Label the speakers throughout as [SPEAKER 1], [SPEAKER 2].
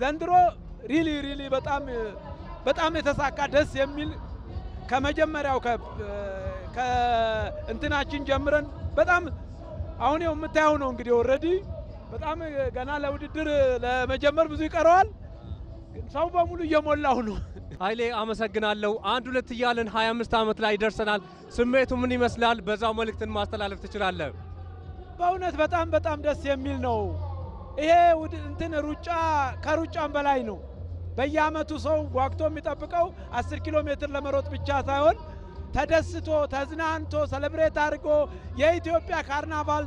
[SPEAKER 1] ዘንድሮ ሪሊ ሪሊ በጣም በጣም የተሳካ ደስ የሚል ከመጀመሪያው ከእንትናችን ጀምረን በጣም አሁን ው የምታየው ነው እንግዲህ ኦልሬዲ በጣም ገና ለውድድር ለመጀመር ብዙ ይቀረዋል። ሰው በሙሉ እየሞላው ነው።
[SPEAKER 2] ኃይሌ አመሰግናለሁ። አንድ ሁለት እያለን 25 ዓመት ላይ ደርሰናል። ስሜቱ ምን ይመስላል? በዛው መልእክትን ማስተላለፍ ትችላለህ።
[SPEAKER 1] በእውነት በጣም በጣም ደስ የሚል ነው። ይሄ እንትን ሩጫ ከሩጫም በላይ ነው። በየአመቱ ሰው ጓግቶ የሚጠብቀው አስር ኪሎ ሜትር ለመሮጥ ብቻ ሳይሆን ተደስቶ ተዝናንቶ ሰለብሬት አድርጎ የኢትዮጵያ ካርናቫል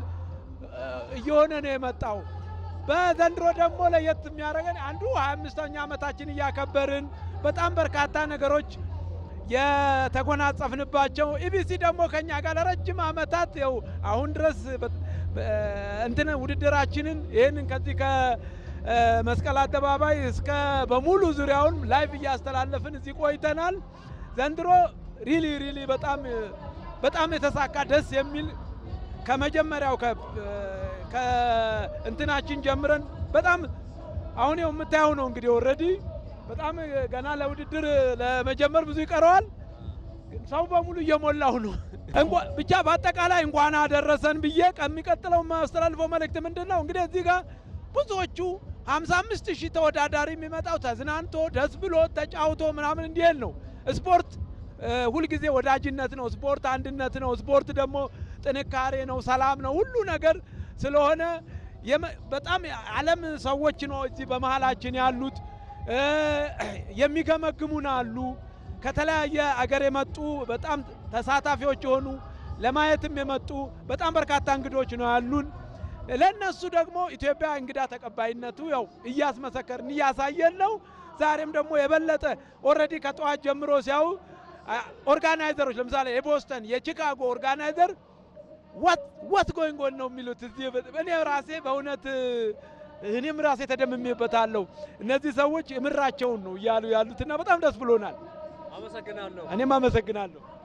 [SPEAKER 1] እየሆነ ነው የመጣው። በዘንድሮ ደግሞ ለየት የሚያደርገን አንዱ 25 አምስተኛ ዓመታችን እያከበርን በጣም በርካታ ነገሮች የተጎናጸፍንባቸው ኢቢሲ ደግሞ ከኛ ጋር ለረጅም አመታት ው አሁን ድረስ እንትን ውድድራችንን ይህንን ከዚህ ከመስቀል አደባባይ እስከ በሙሉ ዙሪያውን ላይፍ እያስተላለፍን እዚህ ቆይተናል። ዘንድሮ ሪሊ ሪሊ በጣም በጣም የተሳካ ደስ የሚል ከመጀመሪያው ከእንትናችን ጀምረን በጣም አሁን የምታየው ነው እንግዲህ ኦልሬዲ በጣም ገና ለውድድር ለመጀመር ብዙ ይቀረዋል። ሰው በሙሉ እየሞላው ነው። ብቻ በአጠቃላይ እንኳን አደረሰን ብዬ ከሚቀጥለው ማስተላልፎ መልእክት ምንድን ነው እንግዲህ እዚህ ጋር ብዙዎቹ ሀምሳ አምስት ሺህ ተወዳዳሪ የሚመጣው ተዝናንቶ ደስ ብሎ ተጫውቶ ምናምን እንዲል ነው። ስፖርት ሁልጊዜ ወዳጅነት ነው። ስፖርት አንድነት ነው። ስፖርት ደግሞ ጥንካሬ ነው፣ ሰላም ነው፣ ሁሉ ነገር ስለሆነ በጣም ዓለም ሰዎች ነው እዚህ በመሀላችን ያሉት የሚገመግሙን አሉ ከተለያየ አገር የመጡ በጣም ተሳታፊዎች የሆኑ ለማየትም የመጡ በጣም በርካታ እንግዶች ነው ያሉን። ለእነሱ ደግሞ ኢትዮጵያ እንግዳ ተቀባይነቱ ያው እያስመሰከርን እያሳየን ነው። ዛሬም ደግሞ የበለጠ ኦልሬዲ ከጠዋት ጀምሮ ሲያዩ ኦርጋናይዘሮች ለምሳሌ የቦስተን የቺካጎ ኦርጋናይዘር ወት ጎይንጎን ነው የሚሉት እኔ ራሴ በእውነት እኔም ራሴ ተደምሜበታለሁ። እነዚህ ሰዎች ምራቸውን ነው እያሉ ያሉትና በጣም ደስ ብሎናል።
[SPEAKER 2] አመሰግናለሁ።
[SPEAKER 1] እኔም አመሰግናለሁ።